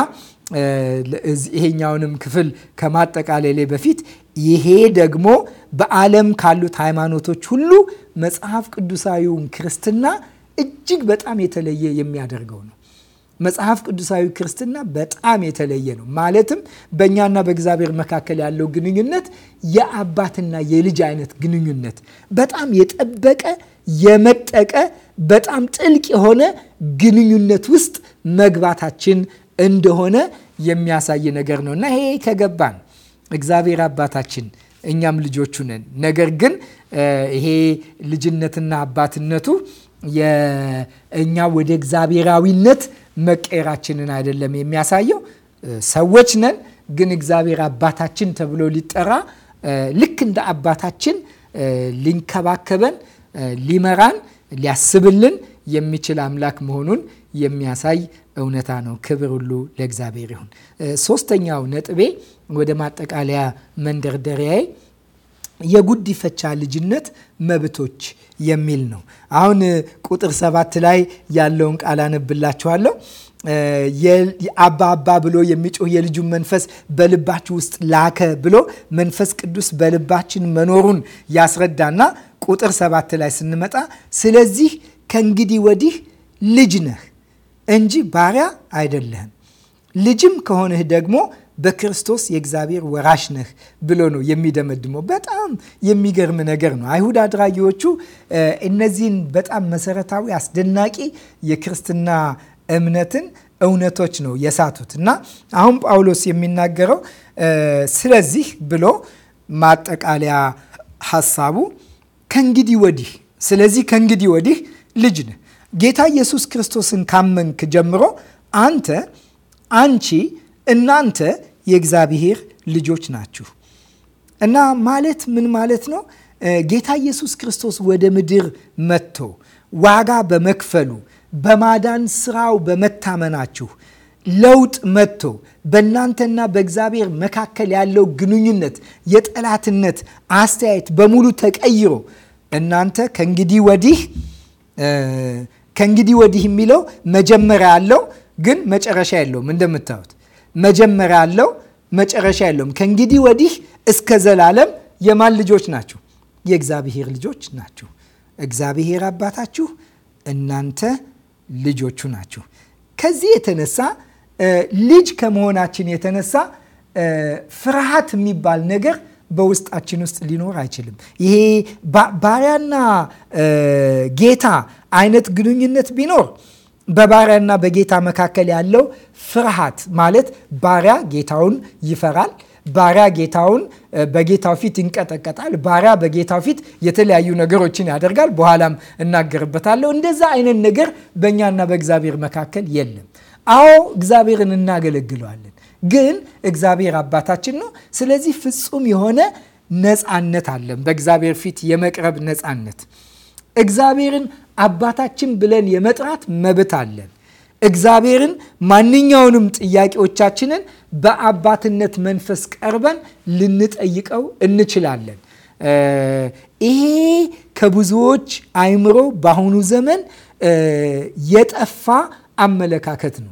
ይሄኛውንም ክፍል ከማጠቃለሌ በፊት ይሄ ደግሞ በዓለም ካሉት ሃይማኖቶች ሁሉ መጽሐፍ ቅዱሳዊውን ክርስትና እጅግ በጣም የተለየ የሚያደርገው ነው። መጽሐፍ ቅዱሳዊ ክርስትና በጣም የተለየ ነው። ማለትም በእኛና በእግዚአብሔር መካከል ያለው ግንኙነት የአባትና የልጅ አይነት ግንኙነት በጣም የጠበቀ የመጠቀ በጣም ጥልቅ የሆነ ግንኙነት ውስጥ መግባታችን እንደሆነ የሚያሳይ ነገር ነው እና ይሄ ከገባን እግዚአብሔር አባታችን እኛም ልጆቹ ነን። ነገር ግን ይሄ ልጅነትና አባትነቱ እኛ ወደ እግዚአብሔራዊነት መቀየራችንን አይደለም የሚያሳየው። ሰዎች ነን፣ ግን እግዚአብሔር አባታችን ተብሎ ሊጠራ ልክ እንደ አባታችን ሊንከባከበን፣ ሊመራን፣ ሊያስብልን የሚችል አምላክ መሆኑን የሚያሳይ እውነታ ነው። ክብር ሁሉ ለእግዚአብሔር ይሁን። ሶስተኛው ነጥቤ ወደ ማጠቃለያ መንደርደሪያዬ የጉዲፈቻ ልጅነት መብቶች የሚል ነው። አሁን ቁጥር ሰባት ላይ ያለውን ቃል አነብላችኋለሁ። አባ አባ ብሎ የሚጮህ የልጁን መንፈስ በልባችሁ ውስጥ ላከ ብሎ መንፈስ ቅዱስ በልባችን መኖሩን ያስረዳና ቁጥር ሰባት ላይ ስንመጣ ስለዚህ ከእንግዲህ ወዲህ ልጅ ነህ እንጂ ባሪያ አይደለህም። ልጅም ከሆነህ ደግሞ በክርስቶስ የእግዚአብሔር ወራሽ ነህ ብሎ ነው የሚደመድመው። በጣም የሚገርም ነገር ነው። አይሁድ አድራጊዎቹ እነዚህን በጣም መሰረታዊ አስደናቂ የክርስትና እምነትን እውነቶች ነው የሳቱት እና አሁን ጳውሎስ የሚናገረው ስለዚህ ብሎ ማጠቃለያ ሀሳቡ ከእንግዲህ ወዲህ ስለዚህ ከእንግዲህ ወዲህ ልጅ ነህ። ጌታ ኢየሱስ ክርስቶስን ካመንክ ጀምሮ አንተ፣ አንቺ፣ እናንተ የእግዚአብሔር ልጆች ናችሁ እና ማለት ምን ማለት ነው? ጌታ ኢየሱስ ክርስቶስ ወደ ምድር መጥቶ ዋጋ በመክፈሉ በማዳን ስራው በመታመናችሁ ለውጥ መጥቶ በእናንተና በእግዚአብሔር መካከል ያለው ግንኙነት የጠላትነት አስተያየት በሙሉ ተቀይሮ እናንተ ከእንግዲህ ወዲህ ከእንግዲህ ወዲህ የሚለው መጀመሪያ አለው ግን መጨረሻ የለውም። እንደምታዩት መጀመሪያ አለው መጨረሻ የለውም። ከእንግዲህ ወዲህ እስከ ዘላለም የማን ልጆች ናችሁ? የእግዚአብሔር ልጆች ናችሁ። እግዚአብሔር አባታችሁ፣ እናንተ ልጆቹ ናችሁ። ከዚህ የተነሳ ልጅ ከመሆናችን የተነሳ ፍርሃት የሚባል ነገር በውስጣችን ውስጥ ሊኖር አይችልም። ይሄ ባሪያና ጌታ አይነት ግንኙነት ቢኖር በባሪያና በጌታ መካከል ያለው ፍርሃት ማለት ባሪያ ጌታውን ይፈራል። ባሪያ ጌታውን በጌታው ፊት ይንቀጠቀጣል። ባሪያ በጌታው ፊት የተለያዩ ነገሮችን ያደርጋል። በኋላም እናገርበታለሁ። እንደዛ አይነት ነገር በእኛና በእግዚአብሔር መካከል የለም። አዎ እግዚአብሔርን እናገለግለዋለን። ግን እግዚአብሔር አባታችን ነው። ስለዚህ ፍጹም የሆነ ነፃነት አለን። በእግዚአብሔር ፊት የመቅረብ ነፃነት፣ እግዚአብሔርን አባታችን ብለን የመጥራት መብት አለን። እግዚአብሔርን ማንኛውንም ጥያቄዎቻችንን በአባትነት መንፈስ ቀርበን ልንጠይቀው እንችላለን። ይሄ ከብዙዎች አይምሮ በአሁኑ ዘመን የጠፋ አመለካከት ነው።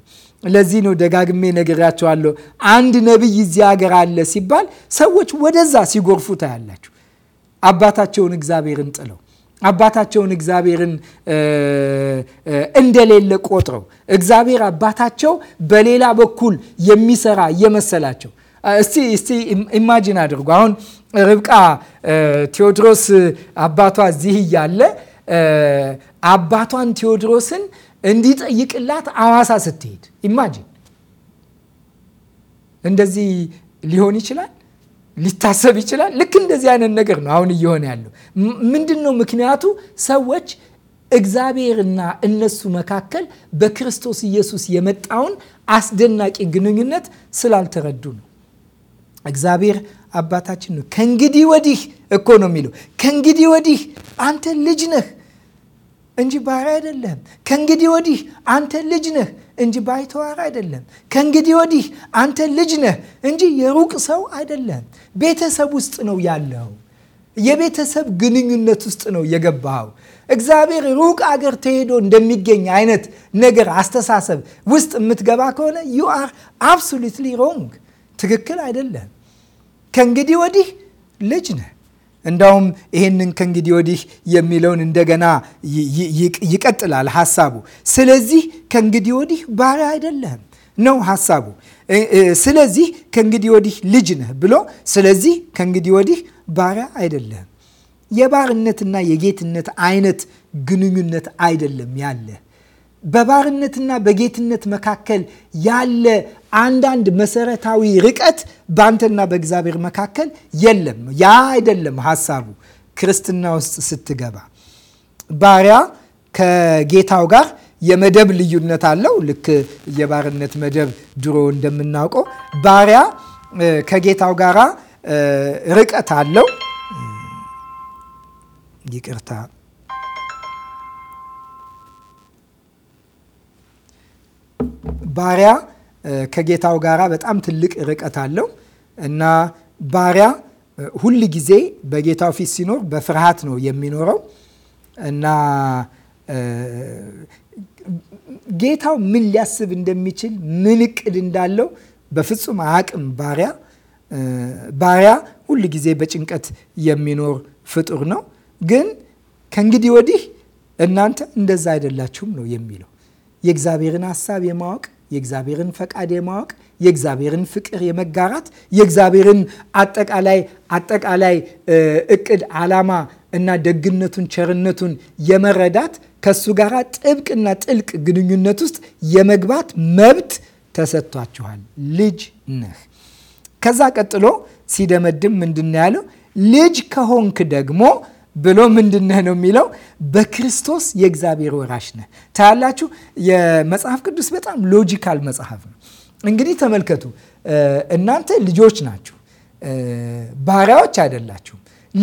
ለዚህ ነው ደጋግሜ ነግሬያቸዋለሁ። አንድ ነቢይ እዚህ ሀገር አለ ሲባል ሰዎች ወደዛ ሲጎርፉ ታያላችሁ። አባታቸውን እግዚአብሔርን ጥለው አባታቸውን እግዚአብሔርን እንደሌለ ቆጥረው እግዚአብሔር አባታቸው በሌላ በኩል የሚሰራ እየመሰላቸው እስቲ እስቲ ኢማጂን አድርጉ። አሁን ርብቃ ቴዎድሮስ አባቷ እዚህ እያለ አባቷን ቴዎድሮስን እንዲጠይቅላት አዋሳ ስትሄድ ኢማጂን እንደዚህ ሊሆን ይችላል፣ ሊታሰብ ይችላል። ልክ እንደዚህ አይነት ነገር ነው አሁን እየሆነ ያለው። ምንድን ነው ምክንያቱ? ሰዎች እግዚአብሔርና እነሱ መካከል በክርስቶስ ኢየሱስ የመጣውን አስደናቂ ግንኙነት ስላልተረዱ ነው። እግዚአብሔር አባታችን ነው። ከእንግዲህ ወዲህ እኮ ነው የሚለው። ከእንግዲህ ወዲህ አንተ ልጅ ነህ እንጂ ባሪያ አይደለም። ከእንግዲህ ወዲህ አንተ ልጅ ነህ እንጂ ባይተዋር አይደለም። ከእንግዲህ ወዲህ አንተ ልጅ ነህ እንጂ የሩቅ ሰው አይደለም። ቤተሰብ ውስጥ ነው ያለው። የቤተሰብ ግንኙነት ውስጥ ነው የገባኸው። እግዚአብሔር ሩቅ አገር ተሄዶ እንደሚገኝ አይነት ነገር አስተሳሰብ ውስጥ የምትገባ ከሆነ ዩ አር አብሶሉትሊ ሮንግ፣ ትክክል አይደለም። ከእንግዲህ ወዲህ ልጅ ነህ እንዳውም ይሄንን ከእንግዲህ ወዲህ የሚለውን እንደገና ይቀጥላል ሀሳቡ። ስለዚህ ከእንግዲህ ወዲህ ባሪያ አይደለህም ነው ሀሳቡ። ስለዚህ ከእንግዲህ ወዲህ ልጅ ነህ ብሎ ስለዚህ ከእንግዲህ ወዲህ ባሪያ አይደለህም። የባርነትና የጌትነት አይነት ግንኙነት አይደለም ያለህ በባርነትና በጌትነት መካከል ያለ አንዳንድ መሰረታዊ ርቀት በአንተና በእግዚአብሔር መካከል የለም። ያ አይደለም ሀሳቡ። ክርስትና ውስጥ ስትገባ ባሪያ ከጌታው ጋር የመደብ ልዩነት አለው። ልክ የባርነት መደብ ድሮ እንደምናውቀው ባሪያ ከጌታው ጋራ ርቀት አለው። ይቅርታ ባሪያ ከጌታው ጋራ በጣም ትልቅ ርቀት አለው እና ባሪያ ሁል ጊዜ በጌታው ፊት ሲኖር በፍርሃት ነው የሚኖረው እና ጌታው ምን ሊያስብ እንደሚችል ምን እቅድ እንዳለው በፍጹም አቅም ባሪያ ባሪያ ሁል ጊዜ በጭንቀት የሚኖር ፍጡር ነው። ግን ከእንግዲህ ወዲህ እናንተ እንደዛ አይደላችሁም ነው የሚለው የእግዚአብሔርን ሀሳብ የማወቅ የእግዚአብሔርን ፈቃድ የማወቅ የእግዚአብሔርን ፍቅር የመጋራት የእግዚአብሔርን አጠቃላይ አጠቃላይ እቅድ ዓላማ እና ደግነቱን ቸርነቱን የመረዳት ከሱ ጋር ጥብቅና ጥልቅ ግንኙነት ውስጥ የመግባት መብት ተሰጥቷችኋል። ልጅ ነህ። ከዛ ቀጥሎ ሲደመድም ምንድን ያለው ልጅ ከሆንክ ደግሞ ብሎ ምንድነህ ነው የሚለው? በክርስቶስ የእግዚአብሔር ወራሽ ነህ። ታያላችሁ፣ የመጽሐፍ ቅዱስ በጣም ሎጂካል መጽሐፍ ነው። እንግዲህ ተመልከቱ፣ እናንተ ልጆች ናችሁ፣ ባሪያዎች አይደላችሁም።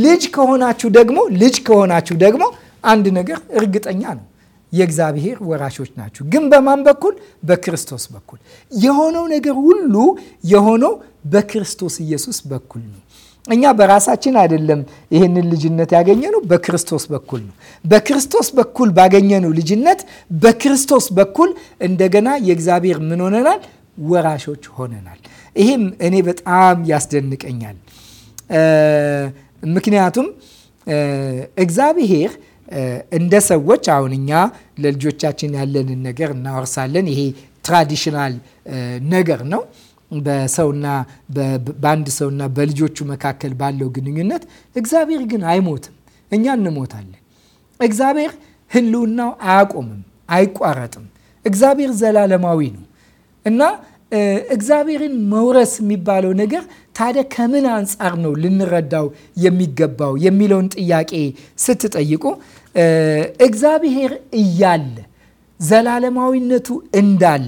ልጅ ከሆናችሁ ደግሞ ልጅ ከሆናችሁ ደግሞ አንድ ነገር እርግጠኛ ነው፣ የእግዚአብሔር ወራሾች ናችሁ። ግን በማን በኩል? በክርስቶስ በኩል የሆነው ነገር ሁሉ የሆነው በክርስቶስ ኢየሱስ በኩል ነው። እኛ በራሳችን አይደለም ይህንን ልጅነት ያገኘነው፣ በክርስቶስ በኩል ነው። በክርስቶስ በኩል ባገኘነው ልጅነት በክርስቶስ በኩል እንደገና የእግዚአብሔር ምን ሆነናል? ወራሾች ሆነናል። ይህም እኔ በጣም ያስደንቀኛል። ምክንያቱም እግዚአብሔር እንደ ሰዎች አሁን እኛ ለልጆቻችን ያለንን ነገር እናወርሳለን። ይሄ ትራዲሽናል ነገር ነው በሰውና በአንድ ሰውና በልጆቹ መካከል ባለው ግንኙነት እግዚአብሔር ግን አይሞትም። እኛ እንሞታለን። እግዚአብሔር ህልውናው አያቆምም፣ አይቋረጥም። እግዚአብሔር ዘላለማዊ ነው እና እግዚአብሔርን መውረስ የሚባለው ነገር ታዲያ ከምን አንጻር ነው ልንረዳው የሚገባው የሚለውን ጥያቄ ስትጠይቁ እግዚአብሔር እያለ ዘላለማዊነቱ እንዳለ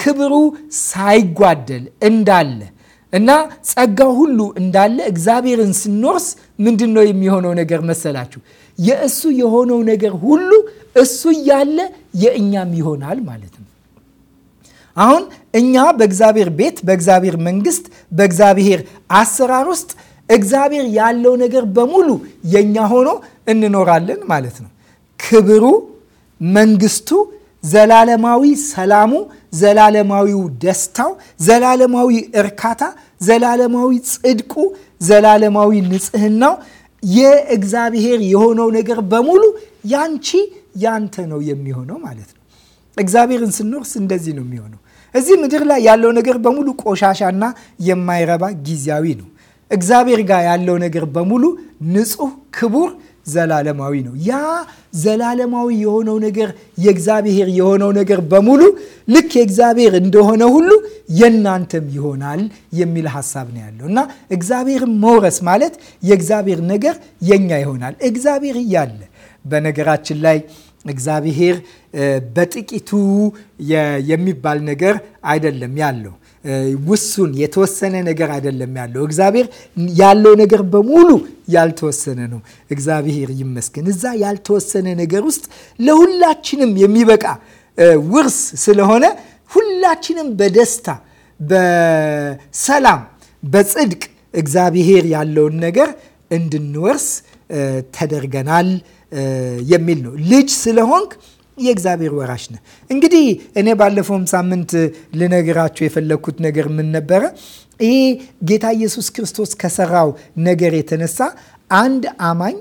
ክብሩ ሳይጓደል እንዳለ እና ጸጋው ሁሉ እንዳለ እግዚአብሔርን ስንወርስ ምንድን ነው የሚሆነው ነገር መሰላችሁ? የእሱ የሆነው ነገር ሁሉ እሱ እያለ የእኛም ይሆናል ማለት ነው። አሁን እኛ በእግዚአብሔር ቤት፣ በእግዚአብሔር መንግስት፣ በእግዚአብሔር አሰራር ውስጥ እግዚአብሔር ያለው ነገር በሙሉ የእኛ ሆኖ እንኖራለን ማለት ነው። ክብሩ፣ መንግስቱ፣ ዘላለማዊ ሰላሙ ዘላለማዊው ደስታው፣ ዘላለማዊ እርካታ፣ ዘላለማዊ ጽድቁ፣ ዘላለማዊ ንጽህናው የእግዚአብሔር የሆነው ነገር በሙሉ ያንቺ ያንተ ነው የሚሆነው ማለት ነው። እግዚአብሔርን ስንወርስ እንደዚህ ነው የሚሆነው። እዚህ ምድር ላይ ያለው ነገር በሙሉ ቆሻሻና የማይረባ ጊዜያዊ ነው። እግዚአብሔር ጋር ያለው ነገር በሙሉ ንጹህ፣ ክቡር ዘላለማዊ ነው። ያ ዘላለማዊ የሆነው ነገር የእግዚአብሔር የሆነው ነገር በሙሉ ልክ የእግዚአብሔር እንደሆነ ሁሉ የእናንተም ይሆናል የሚል ሀሳብ ነው ያለው እና እግዚአብሔርን መውረስ ማለት የእግዚአብሔር ነገር የኛ ይሆናል። እግዚአብሔር እያለ በነገራችን ላይ እግዚአብሔር በጥቂቱ የሚባል ነገር አይደለም ያለው ውሱን የተወሰነ ነገር አይደለም ያለው። እግዚአብሔር ያለው ነገር በሙሉ ያልተወሰነ ነው። እግዚአብሔር ይመስገን። እዛ ያልተወሰነ ነገር ውስጥ ለሁላችንም የሚበቃ ውርስ ስለሆነ ሁላችንም በደስታ በሰላም በጽድቅ እግዚአብሔር ያለውን ነገር እንድንወርስ ተደርገናል የሚል ነው። ልጅ ስለሆንክ የእግዚአብሔር ወራሽ ነህ። እንግዲህ እኔ ባለፈውም ሳምንት ልነግራችሁ የፈለግኩት ነገር ምን ነበረ? ይህ ጌታ ኢየሱስ ክርስቶስ ከሰራው ነገር የተነሳ አንድ አማኝ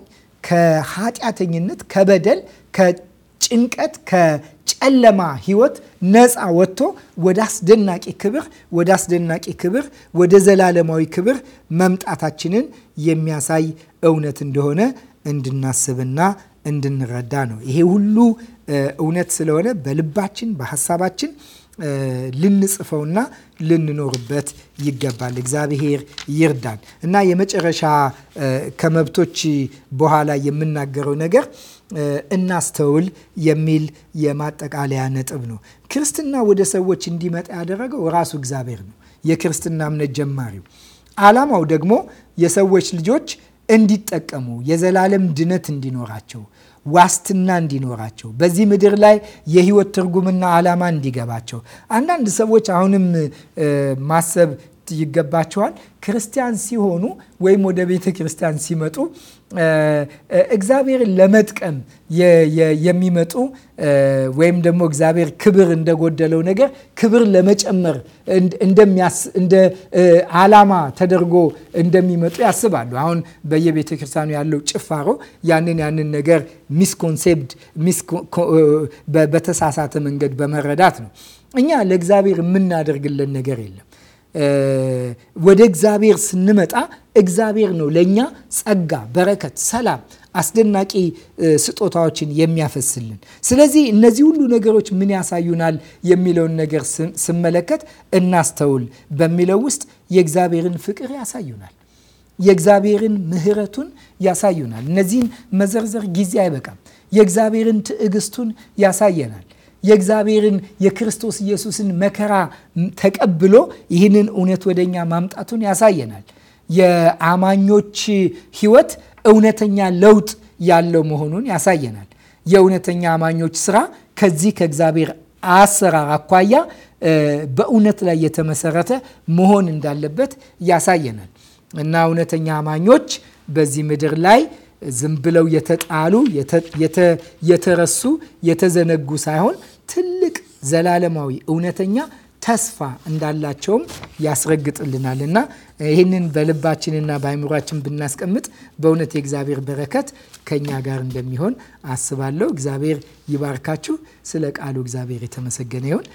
ከኃጢአተኝነት፣ ከበደል፣ ከጭንቀት፣ ከጨለማ ህይወት ነፃ ወጥቶ ወደ አስደናቂ ክብር ወደ አስደናቂ ክብር ወደ ዘላለማዊ ክብር መምጣታችንን የሚያሳይ እውነት እንደሆነ እንድናስብና እንድንረዳ ነው። ይሄ ሁሉ እውነት ስለሆነ በልባችን በሀሳባችን ልንጽፈውና ልንኖርበት ይገባል። እግዚአብሔር ይርዳን እና የመጨረሻ ከመብቶች በኋላ የምናገረው ነገር እናስተውል የሚል የማጠቃለያ ነጥብ ነው። ክርስትና ወደ ሰዎች እንዲመጣ ያደረገው ራሱ እግዚአብሔር ነው፣ የክርስትና እምነት ጀማሪው። ዓላማው ደግሞ የሰዎች ልጆች እንዲጠቀሙ የዘላለም ድነት እንዲኖራቸው ዋስትና እንዲኖራቸው በዚህ ምድር ላይ የህይወት ትርጉምና ዓላማ እንዲገባቸው። አንዳንድ ሰዎች አሁንም ማሰብ ይገባቸዋል። ክርስቲያን ሲሆኑ ወይም ወደ ቤተ ክርስቲያን ሲመጡ እግዚአብሔርን ለመጥቀም የሚመጡ ወይም ደግሞ እግዚአብሔር ክብር እንደጎደለው ነገር ክብር ለመጨመር እንደ ዓላማ ተደርጎ እንደሚመጡ ያስባሉ። አሁን በየቤተ ክርስቲያኑ ያለው ጭፋሮ ያንን ያንን ነገር ሚስኮንሴፕድ በተሳሳተ መንገድ በመረዳት ነው። እኛ ለእግዚአብሔር የምናደርግለን ነገር የለም። ወደ እግዚአብሔር ስንመጣ እግዚአብሔር ነው ለእኛ ጸጋ፣ በረከት፣ ሰላም፣ አስደናቂ ስጦታዎችን የሚያፈስልን። ስለዚህ እነዚህ ሁሉ ነገሮች ምን ያሳዩናል የሚለውን ነገር ስመለከት እናስተውል በሚለው ውስጥ የእግዚአብሔርን ፍቅር ያሳዩናል። የእግዚአብሔርን ምሕረቱን ያሳዩናል። እነዚህን መዘርዘር ጊዜ አይበቃም። የእግዚአብሔርን ትዕግስቱን ያሳየናል። የእግዚአብሔርን የክርስቶስ ኢየሱስን መከራ ተቀብሎ ይህንን እውነት ወደ እኛ ማምጣቱን ያሳየናል። የአማኞች ህይወት እውነተኛ ለውጥ ያለው መሆኑን ያሳየናል። የእውነተኛ አማኞች ስራ ከዚህ ከእግዚአብሔር አሰራር አኳያ በእውነት ላይ የተመሰረተ መሆን እንዳለበት ያሳየናል እና እውነተኛ አማኞች በዚህ ምድር ላይ ዝም ብለው የተጣሉ፣ የተረሱ፣ የተዘነጉ ሳይሆን ትልቅ ዘላለማዊ እውነተኛ ተስፋ እንዳላቸውም ያስረግጥልናል እና ይህንን በልባችንና በአይምሯችን ብናስቀምጥ በእውነት የእግዚአብሔር በረከት ከእኛ ጋር እንደሚሆን አስባለሁ። እግዚአብሔር ይባርካችሁ። ስለ ቃሉ እግዚአብሔር የተመሰገነ ይሁን።